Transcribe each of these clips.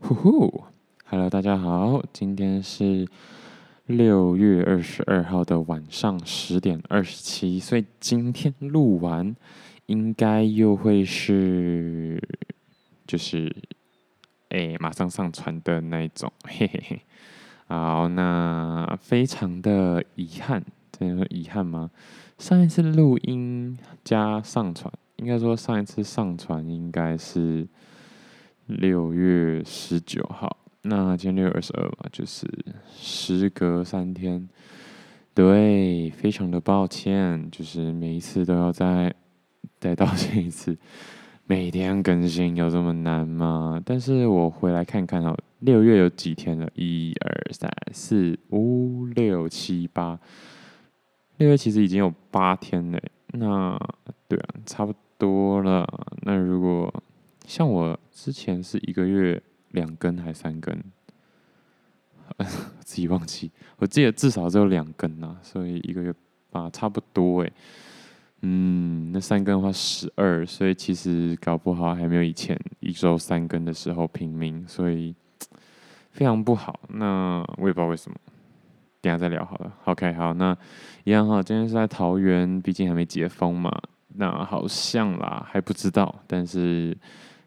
呼呼，Hello，大家好，今天是六月二十二號的晚上十點二十七，所以今天錄完，應該又會是，就是，哎、欸，馬上上傳的那一種，嘿嘿嘿。好，那非常的遺憾，真的遺憾嗎？上一次錄音加上傳，應該說上一次上傳應該是。六月十九號，那今天六月二十二號，就是時隔三天，對，非常的抱歉，就是每一次都要再再道歉一次。每天更新有這麼難嗎？但是我回來看看哦，六月有幾天了？一、二、三、四、五、六、七、八，六月其實已經有八天嘞、欸。那對啊，差不多了。那如果像我之前是一個月兩根還三根， 自己忘記，我記得至少只有兩根吶、啊，所以一個月啊差不多誒、欸。嗯，那三根的話十二，所以其實搞不好還沒有以前一周三根的時候拼命，所以非常不好。那我也不知道為什麼，等下再聊好了。OK，好，那一樣哈，今天是在桃園，畢竟還沒解封嘛，那好像啦，還不知道，但是。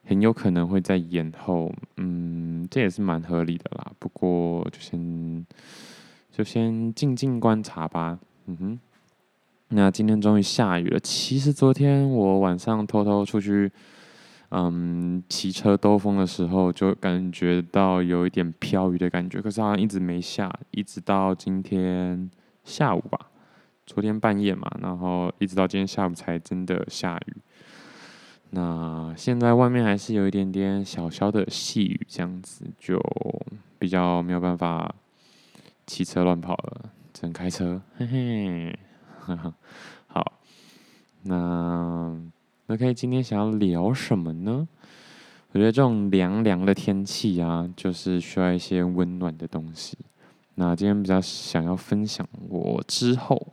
很有可能會再延後，嗯，這也是蠻合理的啦。不過就先就先靜靜觀察吧。嗯哼，那今天終於下雨了。其實昨天我晚上偷偷出去，嗯，騎車兜風的時候，就感覺到有一點飄雨的感覺。可是好像一直沒下，一直到今天下午吧。昨天半夜嘛，然後一直到今天下午才真的下雨。那現在外面還是有一點點小小的細雨，這樣子就比較沒有辦法騎車亂跑了，只能開車，嘿嘿，哈哈。好，那，那 OK，今天想要聊什麼呢？我覺得這種涼涼的天氣啊，就是需要一些溫暖的東西。那今天比較想要分享我之後，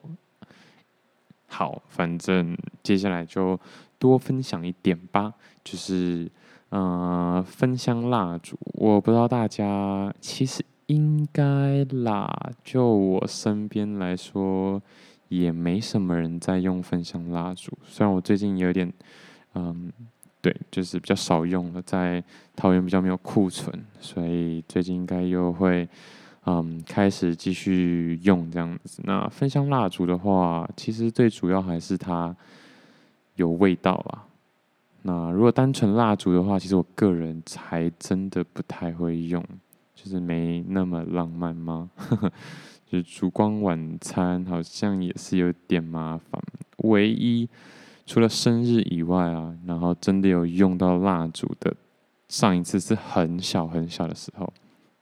好，反正接下來就。多分享一點吧，就是，嗯、呃，芬香蠟燭，我不知道大家其實應該啦，就我身邊來說，也沒什麼人在用芬香蠟燭。雖然我最近有點，嗯，對，就是比較少用了，在桃園比較沒有庫存，所以最近應該又會，嗯，開始繼續用這樣子。那芬香蠟燭的話，其實最主要還是它。有味道啊！那如果單純蠟燭的話，其實我個人才真的不太會用，就是沒那麼浪漫嗎？呵呵，就是燭光晚餐好像也是有點麻煩。唯一除了生日以外啊，然後真的有用到蠟燭的，上一次是很小很小的時候，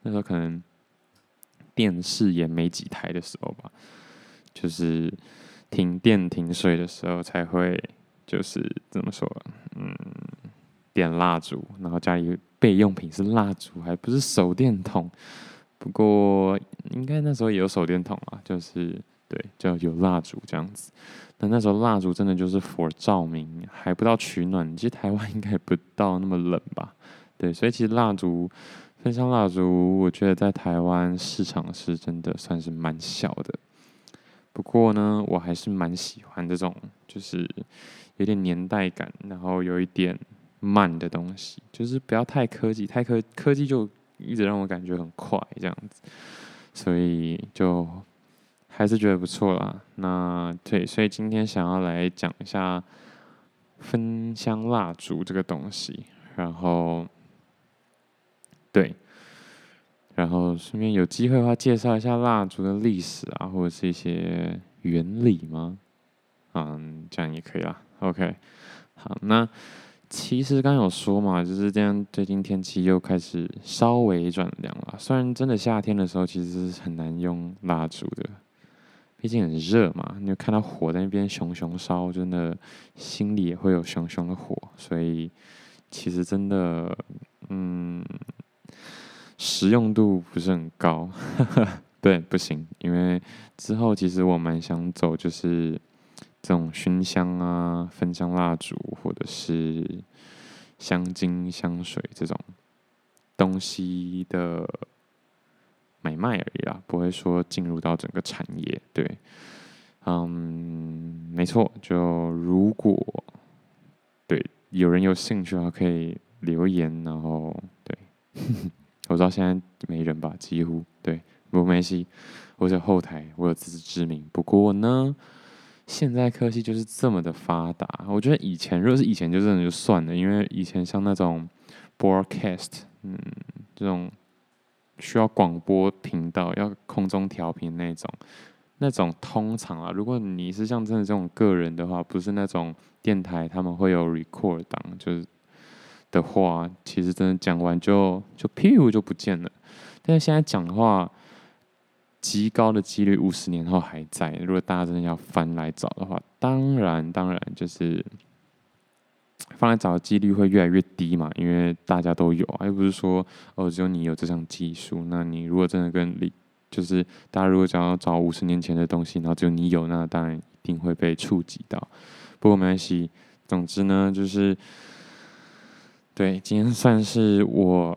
那時候可能電視也沒幾台的時候吧，就是停電停水的時候才會。就是怎麼說，嗯，點蠟燭，然後加一個備用品是蠟燭，還不是手電筒。不過應該那時候也有手電筒啊，就是對，就有蠟燭這樣子。但那時候蠟燭真的就是 for 照明，還不到取暖。其實台灣應該也不到那麼冷吧？對，所以其實蠟燭，芬香蠟燭，我覺得在台灣市場是真的算是蠻小的。不過呢，我還是蠻喜歡這種，就是。有點年代感，然後有一點慢的東西，就是不要太科技，太科科技就一直讓我感覺很快這樣子，所以就還是覺得不錯啦。那對，所以今天想要來講一下芬香蠟燭這個東西，然後對，然後順便有機會的話，介紹一下蠟燭的歷史啊，或者是一些原理嗎？嗯，這樣也可以啦。OK，好，那其實剛有說嘛，就是這樣，最近天氣又開始稍微轉涼了。雖然真的夏天的時候其實是很難用蠟燭的，畢竟很熱嘛。你就看到火在那邊熊熊燒，真的心裡也會有熊熊的火，所以其實真的，嗯，實用度不是很高。 對，不行，因為之後其實我蠻想走，就是。這種燻香啊、芬香蠟燭，或者是香精、香水這種東西的買賣而已啦，不會說進入到整個產業。對，嗯、um,，沒錯，就如果對有人有興趣的話，可以留言。然後，對， 我知道現在沒人吧，幾乎對，不，不沒關係，我在後台，我有自知之明。不過呢。現在科技就是這麼的發達，我覺得以前如果是以前，就這種就算了，因為以前像那種 broadcast，嗯，這種需要廣播頻道、要空中調頻那種，那種通常啊，如果你是像真的這種個人的話，不是那種電台，他們會有 record 檔，就是的話，其實真的講完就就 pew 就不見了，但是現在講的話。極高的幾率，五十年後還在。如果大家真的要翻來找的話，當然，當然就是，翻來找的幾率會越來越低嘛，因為大家都有啊，又不是說哦只有你有這項技術。那你如果真的跟你，就是大家如果想要找五十年前的東西，然後只有你有，那當然一定會被觸及到。不過沒關係，總之呢，就是，對，今天算是我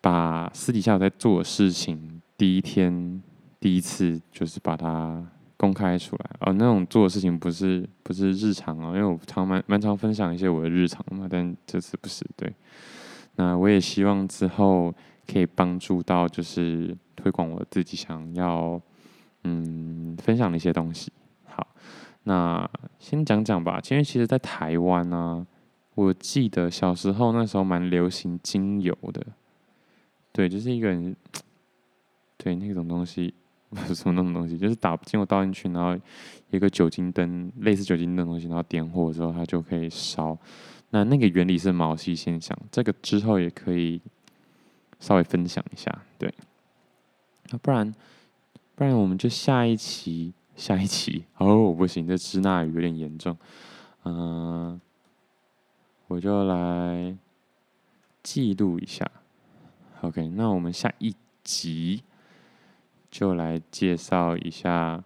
把私底下我在做的事情。第一天，第一次就是把它公開出來。哦，那種做的事情不是不是日常啊、哦，因為我常蠻蠻常分享一些我的日常嘛，但這次不是對。那我也希望之後可以幫助到，就是推廣我自己想要嗯分享的一些東西。好，那先講講吧，因為其實在台灣呢、啊，我記得小時候那時候蠻流行精油的，對，就是一個人。對那種東西，不是說那種東西，就是打進，我倒進去，然後有一個酒精燈，類似酒精燈的東西，然後點火之後，它就可以燒。那那個原理是毛細現象，這個之後也可以稍微分享一下。對，那不然不然我們就下一期下一期，哦，不行，這支那語有點嚴重，嗯、呃，我就來記錄一下。OK，那我們下一集。就來介紹一下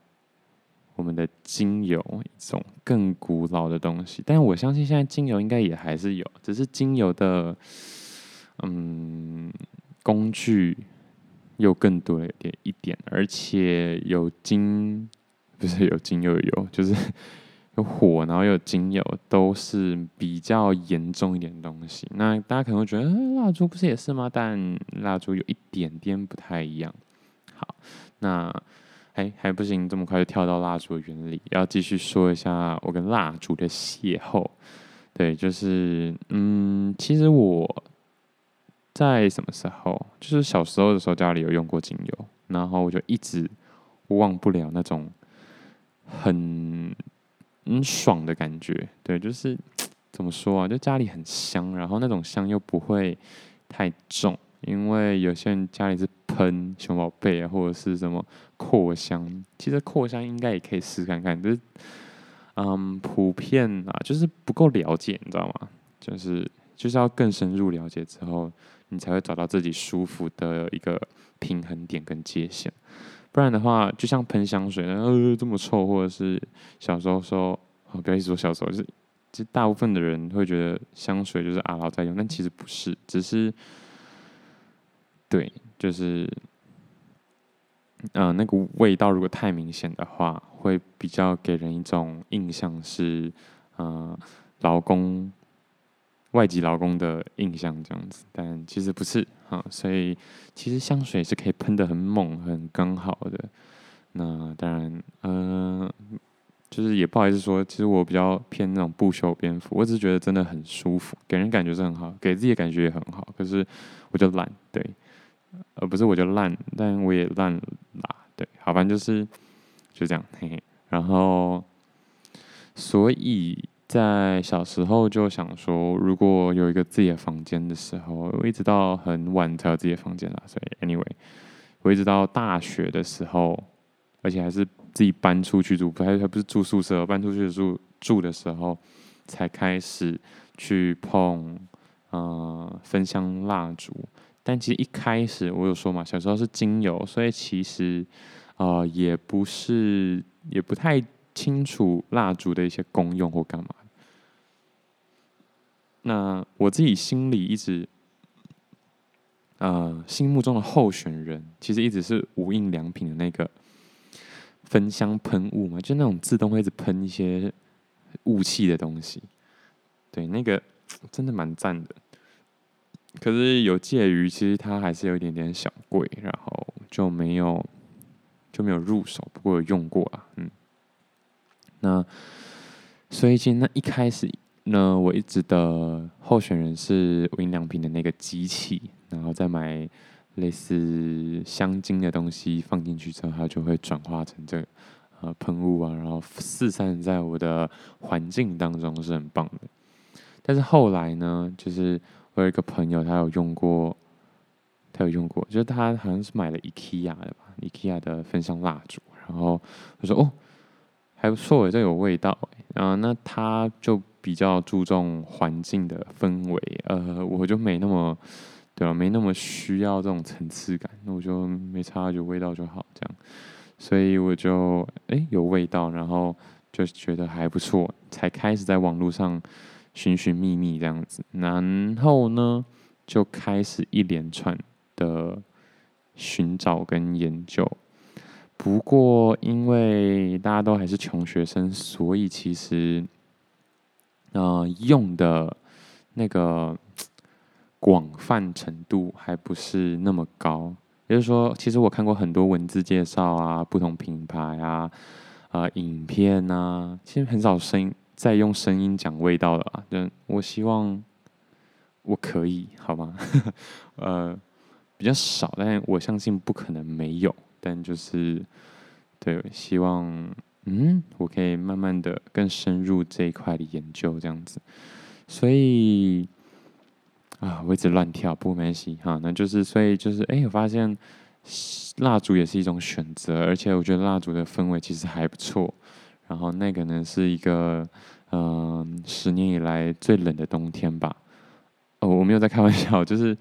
我們的精油，一種更古老的東西。但我相信現在精油應該也還是有，只是精油的嗯工具又更多一點，一點，而且有精，不是，有精又有油，就是有火，然後有精油，都是比較嚴重一點的東西。那大家可能會覺得，呃，蠟燭不是也是嗎？但蠟燭有一點點不太一樣。好，那，哎，還不行，這麼快就跳到蠟燭的原理，要繼續說一下我跟蠟燭的邂逅。對，就是嗯，其實我在什麼時候，就是小時候的時候，家裡有用過精油，然後我就一直忘不了那種很，很爽的感覺。對，就是怎麼說啊，就家裡很香，然後那種香又不會太重，因為有些人家裡是。噴熊寶貝啊，或者是什麼擴香，其實擴香應該也可以試看看。就是，嗯，普遍啊，就是不夠了解，你知道嗎？就是就是要更深入了解之後，你才會找到自己舒服的一個平衡點跟界限。不然的話，就像噴香水，然後、呃、這麼臭，或者是小時候說，哦，不要一直說小時候，就是，就是，大部分的人會覺得香水就是阿老在用，但其實不是，只是，對。就是，嗯、呃，那個味道如果太明顯的話，會比較給人一種印象是，呃，勞工、外籍勞工的印象這樣子。但其實不是，哈、呃，所以其實香水是可以噴得很猛、很剛好的。那當然，呃，就是也不好意思說，其實我比較偏那種不修邊幅。我只是覺得真的很舒服，給人感覺是很好，給自己的感覺也很好。可是我就懶，對。呃，不是，我就爛，但我也爛啦，對，好吧，就是就這樣，嘿嘿。然後，所以在小時候就想說，如果有一個自己的房間的時候，我一直到很晚才有自己的房間啦，所以 anyway，我一直到大學的時候，而且還是自己搬出去住，不還還不是住宿舍，搬出去住住的時候，才開始去碰，嗯、呃，芬香蠟燭。但其實一開始我有說嘛，小時候是精油，所以其實，啊、呃、也不是，也不太清楚蠟燭的一些功用或幹嘛。那我自己心裡一直，啊、呃，心目中的候選人，其實一直是無印良品的那個芬香噴霧嘛，就那種自動會一直噴一些霧氣的東西，對，那個真的蠻讚的。可是有介於，其實它還是有一點點小貴，然後就沒有就沒有入手。不過有用過啊，嗯。那所以，其實那一開始呢，那我一直的候選人是無印良品的那個機器，然後再買類似香精的東西放進去之後，它就會轉化成這個呃噴霧啊，然後四散在我的環境當中是很棒的。但是後來呢，就是。我有一個朋友，他有用過，他有用過，就是他好像是買了 IKEA 的吧，IKEA 的芬香蠟燭，然後他說：“哦，還不錯，誒，這有味道。”然後那他就比較注重環境的氛圍，呃，我就沒那麼，對吧？沒那麼需要這種層次感，那我就沒差，有味道就好這樣。所以我就誒、欸，有味道，然後就覺得還不錯，才開始在網絡上。尋尋覓覓這樣子，然後呢，就開始一連串的尋找跟研究。不過，因為大家都還是窮學生，所以其實，呃，用的，那個廣泛程度還不是那麼高。也就是說，其實我看過很多文字介紹啊，不同品牌啊，啊、呃，影片啊，其實很少聲音。再用聲音講味道的啦、啊，就我希望我可以，好嗎？ 呃，比較少，但我相信不可能沒有。但就是，對，希望，嗯，我可以慢慢的更深入這一塊的研究，這樣子。所以，啊，我一直亂跳，不，沒關係哈，那就是，所以就是，哎、欸，我發現蠟燭也是一種選擇，而且我覺得蠟燭的氛圍其實還不錯。然後那個呢是一個，嗯、呃，十年以來最冷的冬天吧？哦，我沒有在開玩笑，就是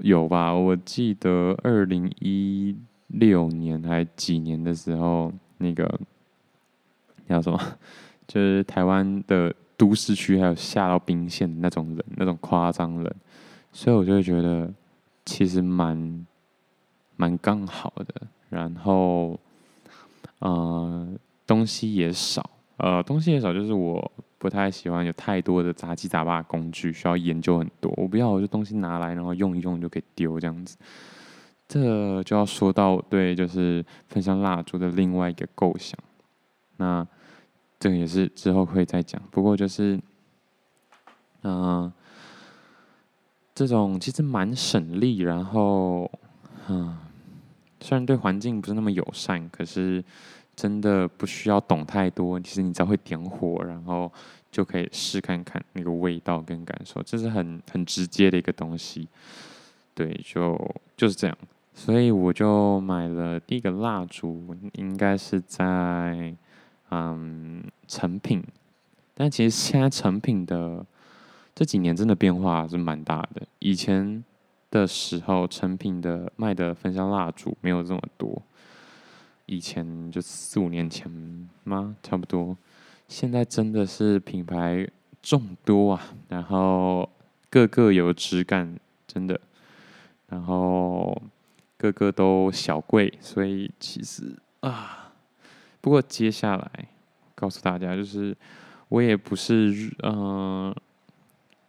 有吧？我記得二零一六年還幾年的時候，那個叫什麼？就是台灣的都市區還有下到冰霰的那種冷，那種誇張冷。所以我就會覺得其實蠻蠻剛好的。然後，嗯、呃。東西也少，呃，東西也少，就是我不太喜歡有太多的雜七雜八的工具需要研究很多。我不要，我就東西拿來，然後用一用就可以丟，這樣子。這個、就要說到對，就是芬香蠟燭的另外一個構想。那這個也是之後會再講，不過就是，嗯、呃，這種其實蠻省力，然後，嗯，雖然對環境不是那麼友善，可是。真的不需要懂太多，其實你只要會點火，然後就可以試看看那個味道跟感受，這是很很直接的一個東西。對，就就是這樣。所以我就買了第一個蠟燭，應該是在嗯成品，但其實現在成品的這幾年真的變化是蠻大的。以前的時候，成品的賣的芬香蠟燭沒有這麼多。以前就四五年前嗎？差不多。現在真的是品牌眾多啊，然後個個有質感，真的。然後個個都小貴，所以其實啊，不過接下來告訴大家，就是我也不是嗯、呃、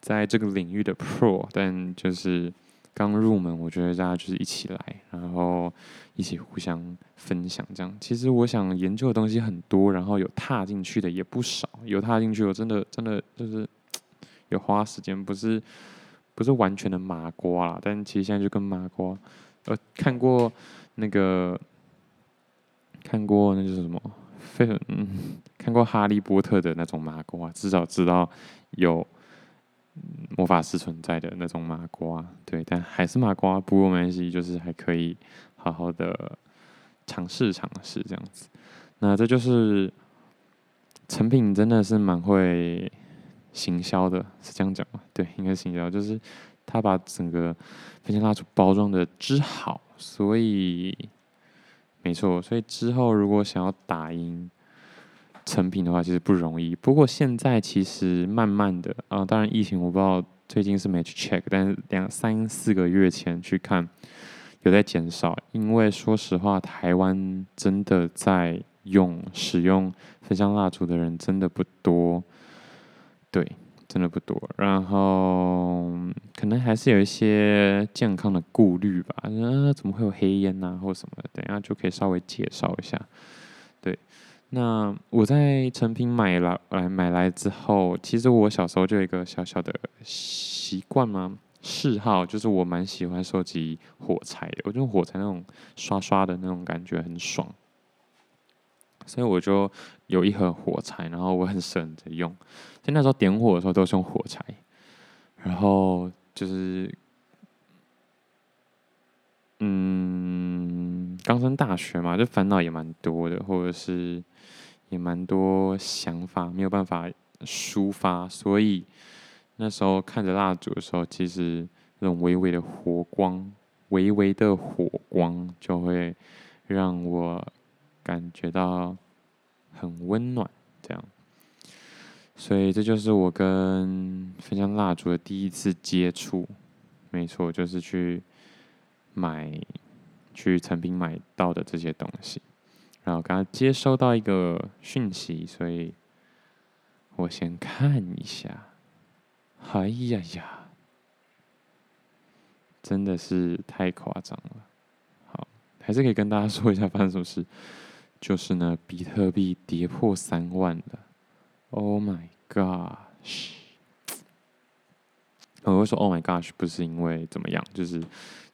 在這個領域的 pro，但就是。剛入門，我覺得大家就是一起來，然後一起互相分享這樣。其實我想研究的東西很多，然後有踏進去的也不少。有踏進去，我真的真的就是有花時間，不是不是完全的麻瓜啦。但其實現在就跟麻瓜，呃，看過那個看過那就是什麼，非常嗯，看過哈利波特的那種麻瓜，至少知道有。魔法師存在的那種麻瓜，對，但還是麻瓜。不過沒關係，就是還可以好好的嘗試嘗試這樣子。那這就是成品真的是蠻會行銷的，是這樣講嗎？對，應該是行銷，就是他把整個芬香蠟燭包裝的織好，所以沒錯，所以之後如果想要打印。成品的話其實不容易，不過現在其實慢慢的啊，當然疫情我不知道最近是沒去 check，但是兩三四個月前去看有在減少，因為說實話，台灣真的在用使用芬香蠟燭的人真的不多，對，真的不多，然後可能還是有一些健康的顧慮吧，呃、啊，怎麼會有黑煙呢？或什麼的，等一下就可以稍微介紹一下。那我在成品買來買來之後，其實我小時候就有一個小小的習慣嘛，嗜好，就是我蠻喜歡收集火柴的，我覺得火柴那種刷刷的那種感覺很爽，所以我就有一盒火柴，然後我很省着用，就那時候點火的時候都是用火柴，然後就是嗯，剛上大學嘛，就煩惱也蠻多的，或者是。也蠻多想法沒有辦法抒發，所以那時候看着蠟燭的時候，其實那種微微的火光，微微的火光就會讓我感覺到很溫暖，這樣。所以這就是我跟芬香蠟燭的第一次接觸，沒錯，就是去買、去成品買到的這些東西。然後我剛剛接收到一個訊息，所以我先看一下。哎呀呀，真的是太誇張了。好，還是可以跟大家說一下發生什麼事。就是呢，比特幣跌破三萬了。Oh my gosh！我會說 Oh my gosh，不是因為怎麼樣，就是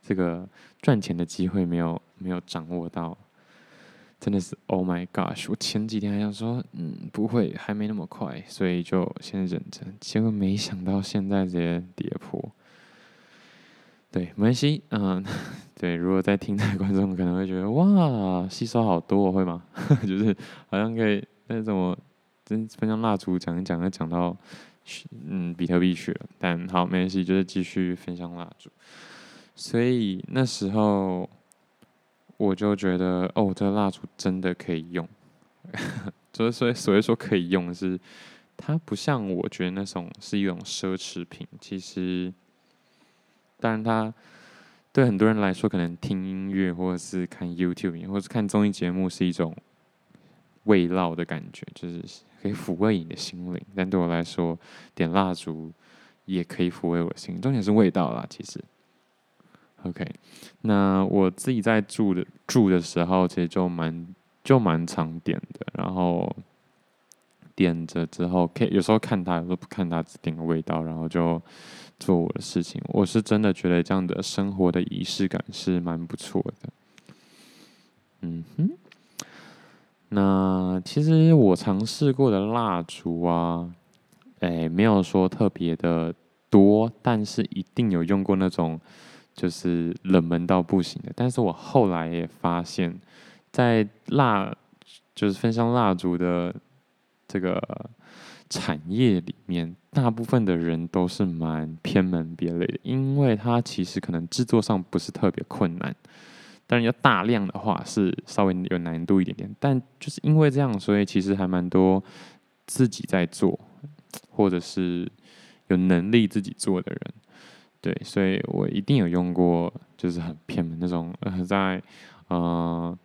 這個賺錢的機會沒有沒有掌握到。真的是 Oh my gosh！我前幾天還想說，嗯，不會還沒那麼快，所以就先忍着。結果沒想到現在直接跌破。對，沒關係。嗯、呃，對。如果在聽的觀眾可能會覺得哇，吸收好多，會嗎？ 就是好像可以那種，真分享蠟燭講一講，又講到嗯，比特幣去了。但好，沒關係，就是繼續分享蠟燭。所以那時候。我就覺得哦，這蠟燭真的可以用。 就是所以，所以說可以用的是，是它不像我覺得那種是一種奢侈品。其實，當然它對很多人來說，可能聽音樂或者是看 YouTube，或者是看綜藝節目是一種慰勞的感覺，就是可以撫慰你的心靈。但對我來說，點蠟燭也可以撫慰我的心，重點是味道啦，其實。OK，那我自己在住的住的時候，其實就蠻就蠻常點的。然後點着之後，可以有時候看他，有時候不看他，只點個味道，然後就做我的事情。我是真的覺得這樣的生活的儀式感是蠻不錯的。嗯哼，那其實我嘗試過的蠟燭啊，誒、欸，沒有說特別的多，但是一定有用過那種。就是冷門到不行的，但是我後來也發現，在蠟，就是芬香蠟燭的這個產業裡面，大部分的人都是蠻偏門別類的，因為它其實可能制作上不是特別困難，但是要大量的話是稍微有難度一點點。但就是因為這樣，所以其實還蠻多自己在做，或者是有能力自己做的人。對，所以我一定有用過，就是很偏門的那種，呃，在呃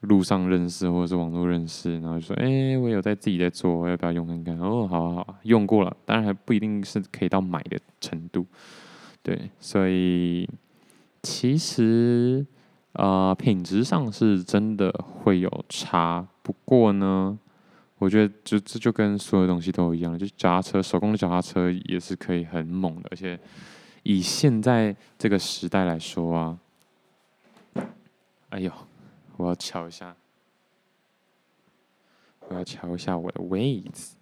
路上認識或者是網絡認識，然後就說，誒、欸，我有在自己在做，我要不要用看看？哦，好啊好，好，用過了，當然還不一定是可以到買的程度。對，所以其實呃品質上是真的會有差，不過呢，我覺得就這就跟所有東西都一樣，就是腳踏車，手工的腳踏車也是可以很猛的，而且。以現在這個時代來說啊，哎呦，我要敲一下，我要敲一下我的位置，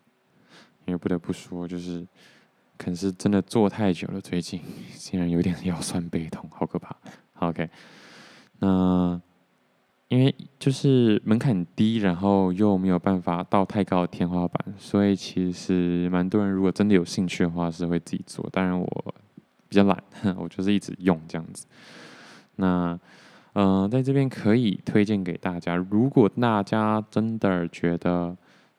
因為不得不說，就是可能是真的坐太久了，最近竟然有點腰酸背痛，好可怕。好，OK，那因為就是門檻低，然後又沒有辦法到太高的天花板，所以其實蠻多人如果真的有興趣的話，是會自己做。當然我。比較懶，哼，我就是一直用這樣子。那，嗯、呃，在這邊可以推薦給大家，如果大家真的覺得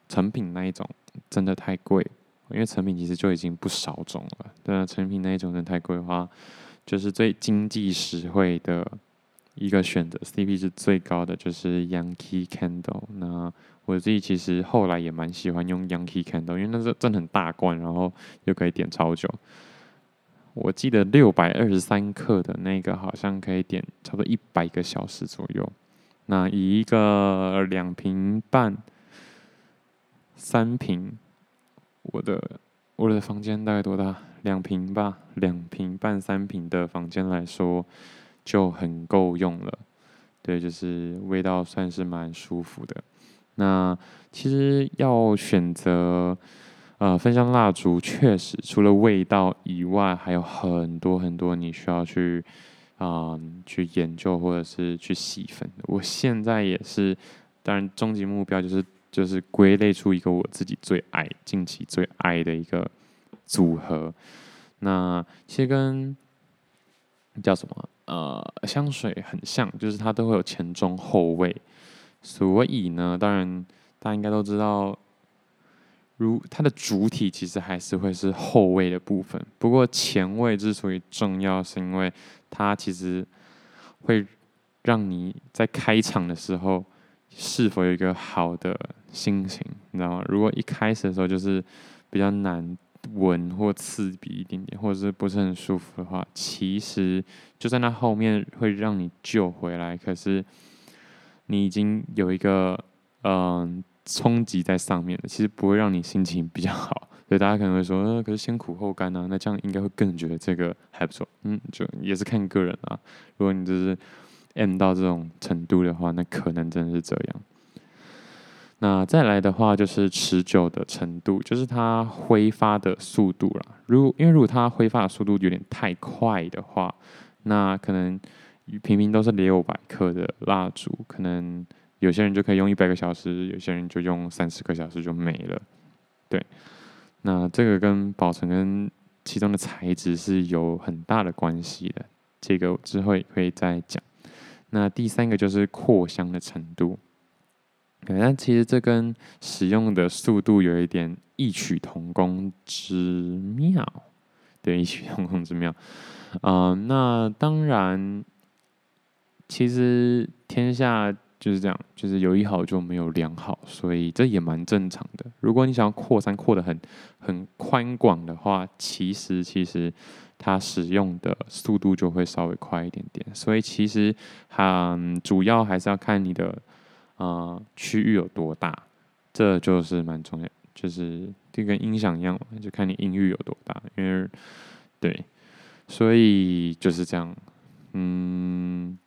成品那一種真的太貴，因為成品其實就已經不少種了。那、啊、成品那一種真的太貴的話，就是最經濟實惠的一個選擇，CP 值最高的，就是 Yankee Candle。那我自己其實後來也蠻喜歡用 Yankee Candle，因為那真的很大罐，然後又可以點超久。我記得六百二十三克的那個好像可以點差不多一百個小時左右。那一個兩坪半、三坪，我的我的房間大概多大？兩坪吧，兩坪半、三坪的房間來說就很夠用了。對，就是味道算是蠻舒服的。那其實要選擇。呃，芬香蠟燭確實，除了味道以外，還有很多很多你需要去，嗯、呃，去研究或者是去細分的。我現在也是，當然，終極目標就是就是歸類出一個我自己最愛、近期最愛的一個組合。那其實跟叫什麼？呃，香水很像，就是它都會有前中後味。所以呢，當然大家應該都知道。如它的主體其實還是會是後味的部分，不過前味之所以重要，是因為它其實會讓你在開場的時候是否有一個好的心情，你知道嗎？如果一開始的時候就是比較難聞或刺鼻一點點，或者是不是很舒服的話，其實就在那後面會讓你救回來，可是你已經有一個嗯。呃衝擊在上面，其實不會讓你心情比較好，所以大家可能會說，呃，可是先苦後甘呢？啊，那這樣應該會更覺得這個還不錯，嗯，就也是看個人啊。如果你就是 M 到這種程度的話，那可能真的是這樣。那再來的話就是持久的程度，就是它揮發的速度啦。如果因為如果它揮發的速度有點太快的話，那可能平平都是六百克的蠟燭，可能。有些人就可以用一百個小時，有些人就用三十個小時就沒了。對，那這個跟保存跟其中的材質是有很大的關係的。這個之後也會再講。那第三個就是擴香的程度，那其實這跟使用的速度有一點異曲同工之妙，對，異曲同工之妙。啊、呃，那當然，其實天下。就是這樣，就是有一好就沒有兩好，所以這也蠻正常的。如果你想要擴散擴得很很寬廣的話，其實其實它使用的速度就會稍微快一點點。所以其實它、嗯、主要還是要看你的啊區域有多大，這就是蠻重要，就是就跟音響一樣，就看你音域有多大。因為對，所以就是這樣，嗯。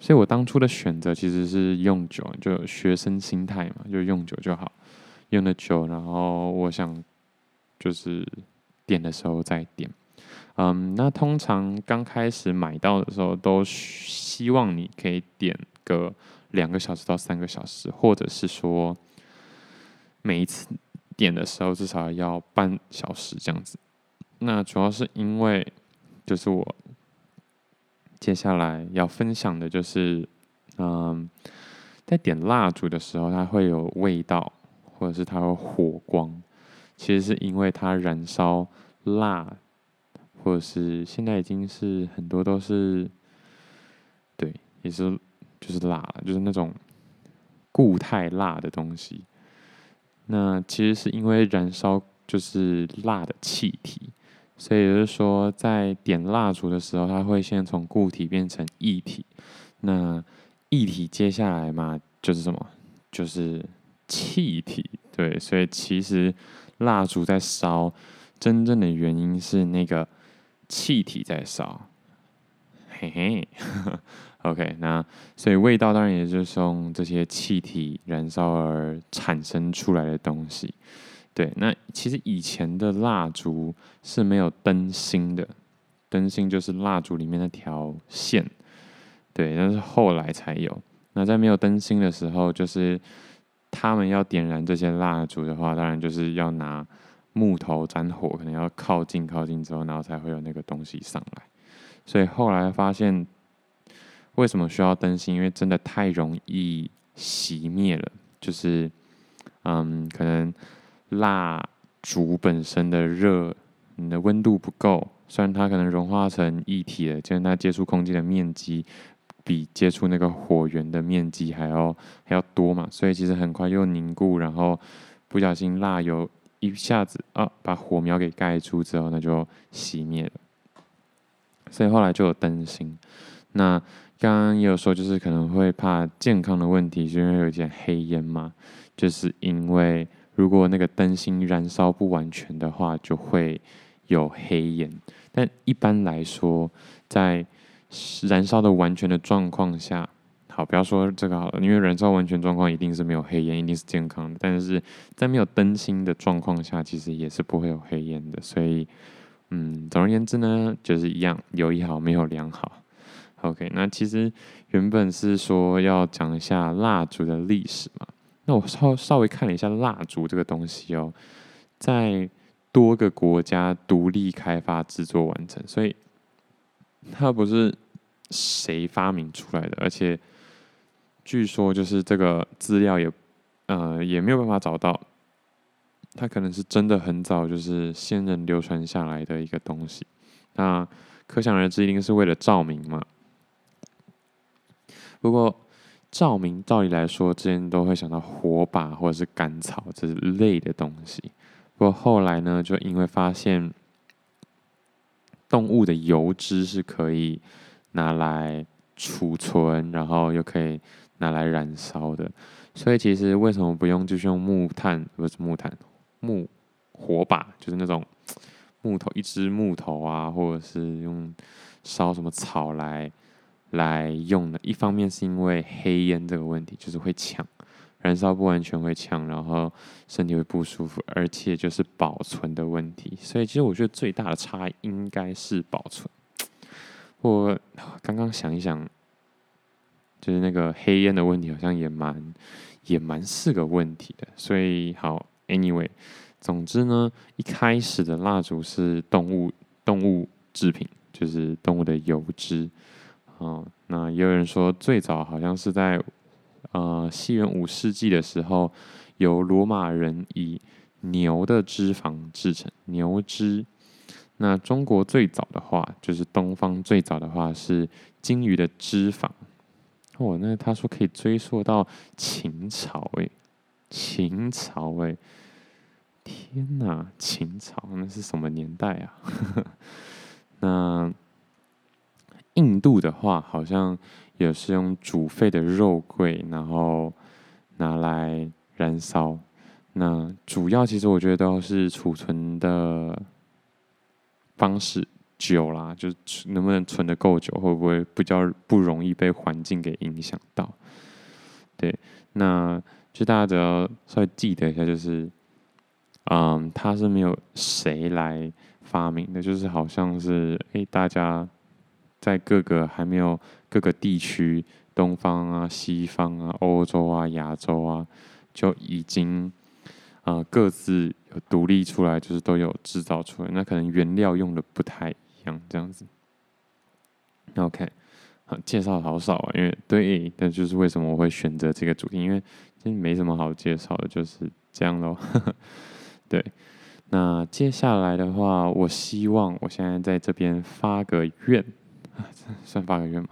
所以我當初的選擇其實是用久，就學生心態嘛，就用久就好，用的久，然後我想就是點的時候再點。嗯，那通常剛開始買到的時候，都希望你可以點個兩個小時到三個小時，或者是說每一次點的時候至少要半小時這樣子。那主要是因為就是我。接下來要分享的就是，嗯、呃，在點蠟燭的時候，它會有味道，或者是它有火光，其實是因為它燃燒蠟，或者是現在已經是很多都是，對，也是就是蠟，就是那種固態蠟的東西。那其實是因為燃燒就是蠟的氣體。所以就是說，在點蠟燭的時候，它會先從固體變成液體。那液體接下來嘛，就是什麼？就是氣體。對，所以其實蠟燭在燒，真正的原因是那個氣體在燒。嘿嘿 ，OK，那所以味道當然也就是用這些氣體燃燒而產生出來的東西。對，那其實以前的蠟燭是沒有燈芯的，燈芯就是蠟燭裡面那條線。對，但是後來才有。那在沒有燈芯的時候，就是他們要點燃這些蠟燭的話，當然就是要拿木頭沾火，可能要靠近靠近之後，然後才會有那個東西上來。所以後來發現，為什麼需要燈芯？因為真的太容易熄滅了，就是嗯，可能。蠟燭本身的熱，你的溫度不夠，雖然它可能融化成液體了，就是它接觸空氣的面積比接觸那個火源的面積還要還要多嘛，所以其實很快又凝固，然後不小心蠟油一下子啊，把火苗給蓋住之後，那就熄滅了。所以後來就有燈芯，那剛剛也有說，就是可能會怕健康的問題，是因為有一點黑煙嘛，就是因為。如果那個燈芯燃燒不完全的話，就會有黑煙。但一般來說，在燃燒的完全的狀況下，好，不要說這個好了，因為燃燒完全狀況一定是沒有黑煙，一定是健康的。但是在沒有燈芯的狀況下，其實也是不會有黑煙的。所以，嗯，總而言之呢，就是一樣，有一好，沒有兩好。OK，那其實原本是說要講一下蠟燭的歷史嘛。那我稍稍微看了一下蠟燭這個東西哦，在多個國家獨立開發制作完成，所以它不是誰發明出來的，而且據說就是這個資料也呃也沒有辦法找到，它可能是真的很早就是先人流傳下來的一個東西，那可想而知一定是為了照明嘛。不過。照明，照理來說，之前都會想到火把或者是乾草之類的東西。不過後來呢，就因為發現動物的油脂是可以拿來儲存，然後又可以拿來燃燒的，所以其實為什麼不用就是用木炭？不是木炭，木火把就是那種木頭，一支木頭啊，或者是用燒什麼草來。來用的，一方面是因為黑煙這個問題，就是會嗆，燃燒不完全會嗆，然後身體會不舒服，而且就是保存的問題。所以其實我覺得最大的差應該是保存。我剛剛想一想，就是那個黑煙的問題好像也蠻也蠻是個問題的。所以好，anyway，總之呢，一開始的蠟燭是動物動物製品，就是動物的油脂。哦，那也有人說最早好像是在，呃，西元五世紀的時候，由羅馬人以牛的脂肪製成牛脂。那中國最早的話，就是東方最早的話是鯨魚的脂肪。哦，那他說可以追溯到秦朝、欸，誒，秦朝、欸，誒，天哪，秦朝那是什麼年代啊？ 那。印度的話，好像也是用煮沸的肉桂，然後拿來燃燒。那主要其實我覺得都是儲存的方式久啦，就是能不能存得夠久，會不會比較不容易被環境給影響到？對，那就大家只要稍微記得一下，就是嗯，它是沒有誰來發明的，就是好像是誒，大家。在各個還沒有各個地區，東方啊、西方啊、歐洲啊、亞洲啊，就已經啊、呃、各自獨立出來，就是都有製造出來。那可能原料用的不太一樣，這樣子。OK，好介紹好少啊，因為對，那就是為什麼我會選擇這個主題，因為其實沒什麼好介紹的，就是這樣咯。 對，那接下來的話，我希望我現在在這邊發個願。算八個月嘛。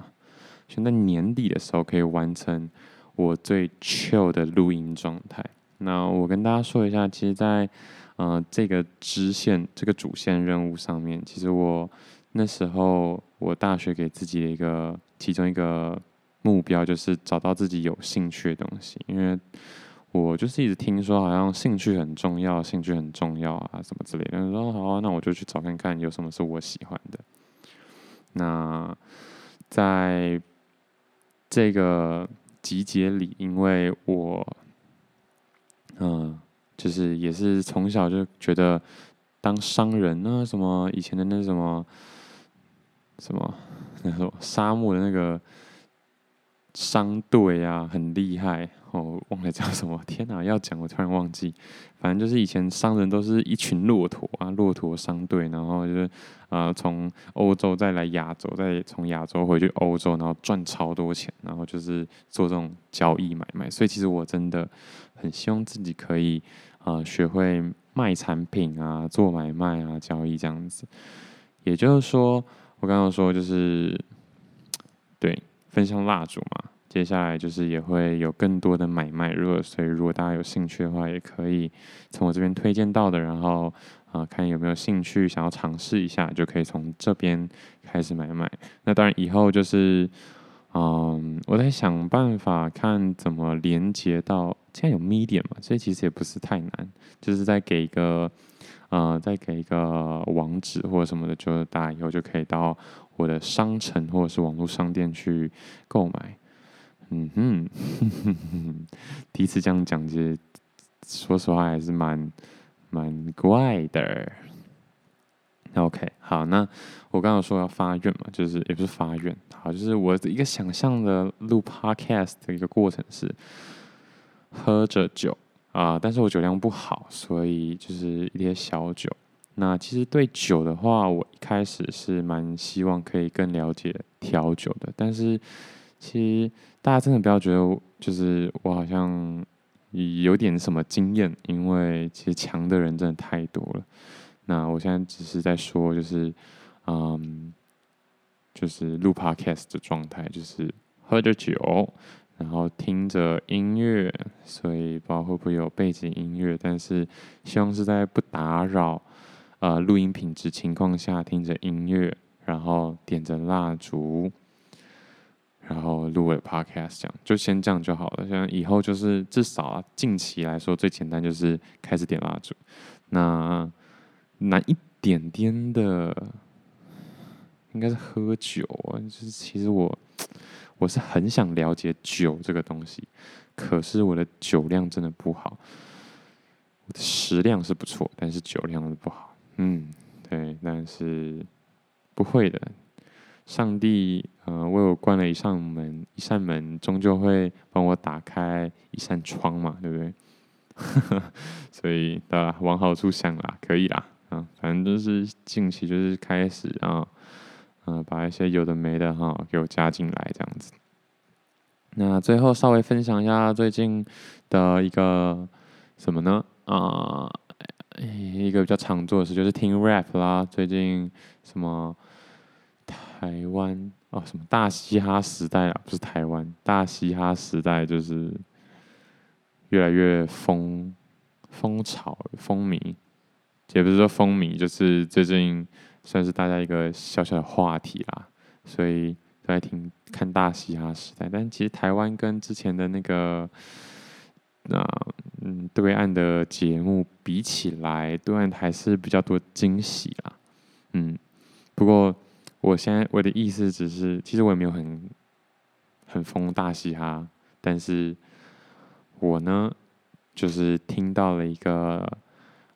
現在年底的時候可以完成我最 chill 的錄音狀態。那我跟大家說一下，其實在，在、呃、嗯這個支線、這個主線任務上面，其實我那時候我大學給自己的一個其中一個目標，就是找到自己有興趣的東西。因為我就是一直聽說，好像興趣很重要，興趣很重要啊，什麼之類的。那說好、啊，那我就去找看看，有什麼是我喜歡的。那在這個集結裡，因為我嗯，就是也是從小就覺得當商人呢、啊，什麼以前的那什麼什麼，那什麼沙漠的那個商隊啊，很厲害哦，忘了叫什麼，天哪、啊，要講我突然忘記。反正就是以前商人都是一群駱駝啊，駱駝商隊，然後就是啊、呃，從歐洲再來亞洲，再從亞洲回去歐洲，然後賺超多錢，然後就是做這種交易買賣。所以其實我真的很希望自己可以啊、呃，學會賣產品啊，做買賣啊，交易、啊、這樣子。也就是說，我剛剛說就是對，芬香蠟燭嘛。接下來就是也會有更多的買賣。如果所以，如果大家有興趣的話，也可以從我這邊推薦到的，然後啊、呃，看有沒有興趣想要嘗試一下，就可以從這邊開始買賣。那當然，以後就是嗯、呃，我在想辦法看怎麼連接到現在有 medium 嘛，這其實也不是太難，就是再給一個呃，再給一個網址或者什麼的，就是大家以後就可以到我的商城，或者是網絡商店去購買。嗯哼，哼哼哼，第一次這樣講，其實說實話還是蠻蠻怪的。OK，好，那我剛剛說要發願嘛，就是也不是發願，好，就是我的一個想象的錄 Podcast 的一個過程是喝着酒啊、呃，但是我酒量不好，所以就是一些小酒。那其實對酒的話，我一開始是蠻希望可以更了解調酒的，但是。其實大家真的不要覺得，就是我好像有點什麼經驗，因為其實強的人真的太多了。那我現在只是在說，就是嗯，就是錄 Podcast 的狀態，就是喝着酒，然後聽着音樂，所以不知道會不會有背景音樂，但是希望是在不打擾，呃，錄音品質情況下，聽着音樂，然後點着蠟燭。然後錄我的 podcast 這樣，就先這樣就好了。像以後就是至少，啊，近期來說最簡單就是開始點蠟燭。那難一點點的，應該是喝酒啊。就是其實我我是很想了解酒這個東西，可是我的酒量真的不好。我的食量是不錯，但是酒量是不好。嗯，對，但是不會的。上帝，呃，為我關了一扇門，一扇門終究會幫我打開一扇窗嘛，對不對？ 所以，的往好處想啦，可以啦，啊，反正就是近期就是開始啊，嗯、啊，把一些有的沒的哈、啊，給我加進來這樣子。那最後稍微分享一下最近的一個什麼呢？啊，一個比較常做的事就是聽 rap 啦，最近什麼。台灣哦，什麼大嘻哈時代啊？不是台灣大嘻哈時代，就是越來越風風潮風靡，也不是說風靡，就是最近算是大家一個小小的話題啦，所以都在聽看大嘻哈時代。但其實台灣跟之前的那個那、啊、嗯對岸的節目比起來，對岸還是比較多驚喜啦。嗯，不過。我現在我的意思只是，其實我也沒有很，很瘋大嘻哈，但是我呢，就是聽到了一個，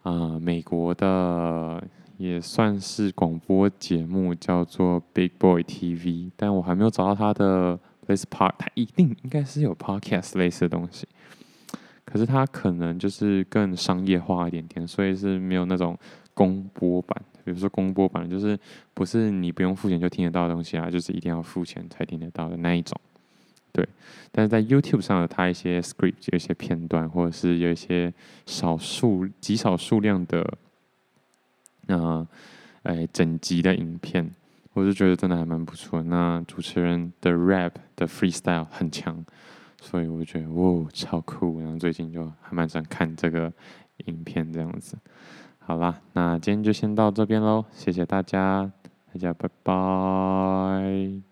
啊、呃、美國的也算是廣播節目叫做 Big Boy TV，但我還沒有找到它的類似 pod，它一定應該是有 podcast 類似的東西，可是它可能就是更商業化一點點，所以是沒有那種公播版。比如說公播反正就是不是你不用付錢就聽得到的東西啊，就是一定要付錢才聽得到的那一種。對，但是在 YouTube 上的他一些 script 有一些片段，或者是有一些少數極少數量的，那、呃，哎、欸、整集的影片，我就覺得真的還蠻不錯的。那主持人的 rap 的 freestyle 很強，所以我就覺得哦超酷，然後最近就還蠻喜歡看這個影片這樣子。好啦，那今天就先到這邊咯，謝謝大家，大家拜拜。